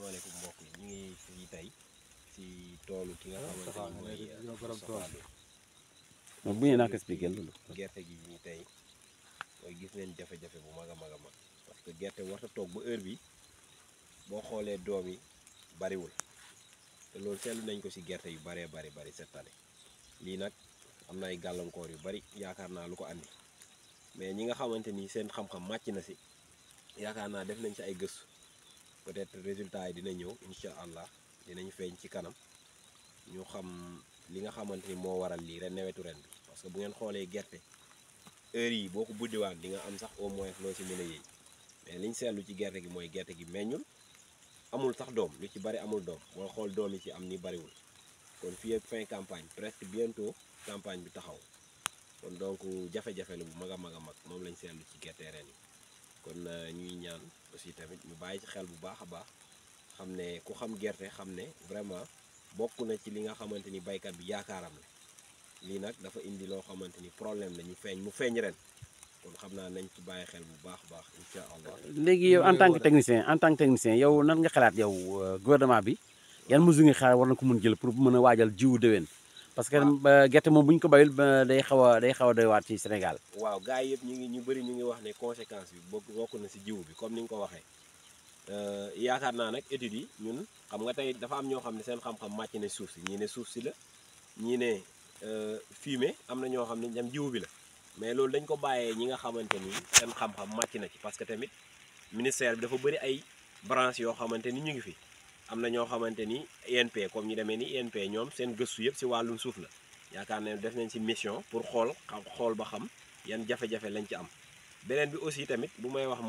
asalaamaaleykum mbokk yi ngi si toolu ki nga xamante bu ñu naan expliqué loolu gerte gi ñu tey mooy gis nañ jafe-jafe bu mag a mag parce que gerte warta heure bi nañ ko si gerte yu bari bari cette année lii nag am yu bari yaakaar lu ko andi mais ñi nga xamante seen xam-xam màcc na si def nañ ay peut-être résultat yi dina ñëw inshallah allah dinañ feeñ ci kanam ñu xam li nga xamanteni mo waral li ren newetu ren bi parce que bu ngeen xolé gerté heure yi boku buddi buddiwaat di nga am sax au moins lo ci mëna yeey mais liñ ci gerté gi moy gerté gi meñul amul sax dom lu ci bari amul dom, boo xol dom yi ci am ni wul kon fi ak fin campagne presque bientôt campagne bi taxaw kon donc jafe-jafe lu bu maga mag mom lañ seetlu ci gerté ren kon euh, ñuy ñaan aussi tamit ñu bàyyi ci xel bu baax a baax xam ne ku xam gerte xam ne vraiment bokk na ci li nga xamante ni baykat bi yaakaaram la lii nag dafa indi loo xamante ni problème la ñu feeñ mu feeñ ren kon xam naa nañ ci bàyyi xel bu baax baax incha allah. léegi en tant que technicien en tant que technicien yow nan nga xalaat yow euh, gouvernement bi yan mesures nga xalaat war na ko mën jël pour mën a waajal jiwu déwén. parce que ba euh, gette mom buñ ko bayul euh, day xawa day xawa doy wat ci Sénégal waaw gaay yeb ñi ngi ñu bari ñi ngi wax né conséquences bi bokku bokku na ci jiw bi comme niñ ko waxé euh yaakaar na nak étude yi ñun xam nga tay dafa am ño xam seen xam-xam màcc né souf ci ñi né souf ci la ñii ne euh, fumier am na ño xam ñam dem jiw bi la mais loolu dañ ko bayé ñi nga xamanteni seen xam-xam màcc na ci parce que tamit ministère bi dafa bari ay branche yo xamanteni ñu ngi fi am ño xamanteni INP e comme ñu démé ni INP e ñom seen geussu yépp si wàllum suuf la yaakaar ne def nañ ci mission pour xol xam xool ba xam yeen jafé jafé lañ ci am benen bi aussi tamit bu may wax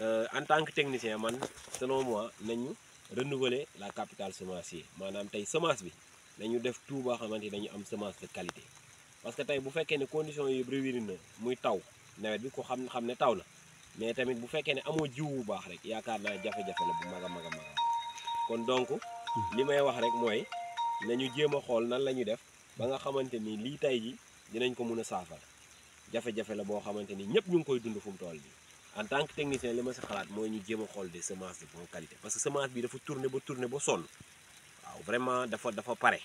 euh en tant que technicien man selon moi nañu renouveler la capitale semencier manam tay semence bi nañu def tout ba xamanteni dañu am semence de qualité parce que tay bu fekkee ni condition yi brewirina muy taw nawet bi ko xam xam né taw na mais tamit bu fekkee ni amo jiwu bu baax rek yaakaar na jafé jafé la bu maga maga maga kon donc li may wax rek mooy nañu jéem a xool nan la ñu def ba nga xamante ni lii tey ji dinañ ko mun a saafara jafe-jafe la boo xamante ni ñëpp ñu ngi koy dund fu mu tool bi en tant que technicien li ma si xalaat mooy ñu jéema xool des semences de bonne qualité parce que semence bi dafa tourné ba tourné ba sonn waaw vraiment dafa dafa pare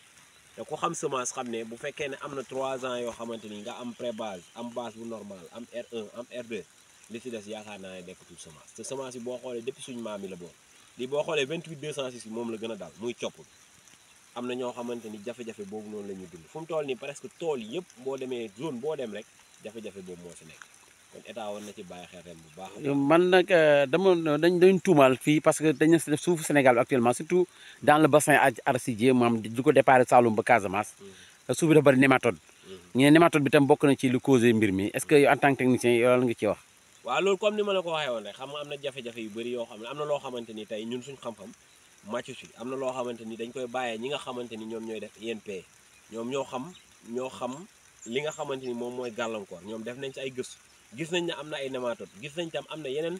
te ku xam semence xam ne bu fekkee ne am na trois ans yoo xamante ni nga am pré base am base bu normal am R1 am r li ci des yaakaar naa ne nekkatul semence te semence bi boo xoolee depuis suñu maam yi la boobu. lii boo xoolee 28 206 bi moom la gën a daal muy copp bi am na ñoo xamante ni jafe-jafe boobu noonu la ñuy dund fu mu toll nii presque tool yëpp boo demee zone boo dem rek jafe-jafe boobu moo si nekk kon état war na ci bàyyi xel bu baax. man nag euh, dama dañ dañ tuumaal fii parce que dañ def suufu Sénégal bi actuellement surtout dans le bassin arachidier maam du ko déparé Saloum ba Casamance. Mm-hmm. suuf bi dafa bëri nématode. Mm-hmm. ñu nématode bi tam bokk na ci lu causé nga ciy wax. waaw loolu comme ni ma la ko waxee woon rek xam nga am na jafe-jafe yu bëri yoo xam ne am na loo xamante ni tey ñun suñ xam-xam màccu si am na loo xamante ni dañ koy bàyyee ñi nga xamante ni ñoom ñooy def INP ñoom ñoo xam ñoo xam li nga xamante ni moom mooy gàllankoor ñoom def nañ si ay gëstu gis nañ ne am na ay nématode gis nañ tam am na yeneen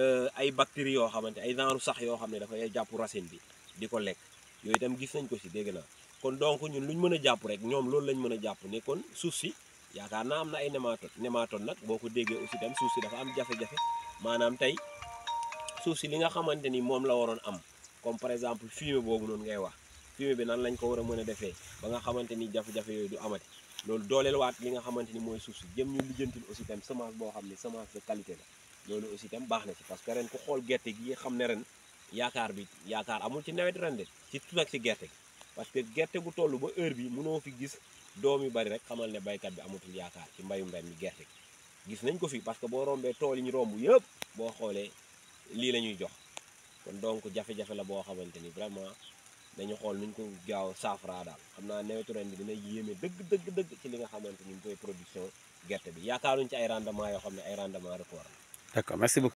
euh, ay bactéries yoo xamante ay genre sax yoo xam ne dafay jàpp racine bi di ko lekk yooyu tam gis nañ ko si dégg naa kon donc ñun luñ mën a jàpp rek ñoom loolu lañ mën a jàpp ne kon suuf si yaakaar naa am na ay nématode nématode nag boo ko déggee aussi tam suuf si dafa am jafe-jafe maanaam tey suuf si li nga xamante ni moom la waroon am comme par exemple fumier boobu noonu ngay wax fumier bi nan lañ ko war a mën a defee ba nga xamante ni jafe-jafe yooyu du amati loolu dooleel waat li nga xamante ni mooy suuf si jëm ñu lijjantil aussi tam semence boo xam ne semence de qualité la loolu aussi baax na si parce que ren ku xool gerte gi xam ne ren yaakaar bi yaakaar amul ci nawet ren de ci tuut ci gerte gi parce que gerte gu toll ba heure bi mënoo fi gis doom yu bari rek xamal ne baykat bi amatul yaakaar ci mbayu mbenn mi gerte gis nañ ko fi parce que boo rombee tool yi ñu romb yëpp boo xoolee lii la ñuy jox kon donc jafe-jafe la boo xamante ni vraiment dañu xool nuñ ko gaaw saafara daal xam naa newetu ren bi dina yéeme dëgg dëgg dëgg ci li nga xamante ni mooy production gerte bi yaakaaruñ ci ay rendement yoo xam ne ay rendement record la.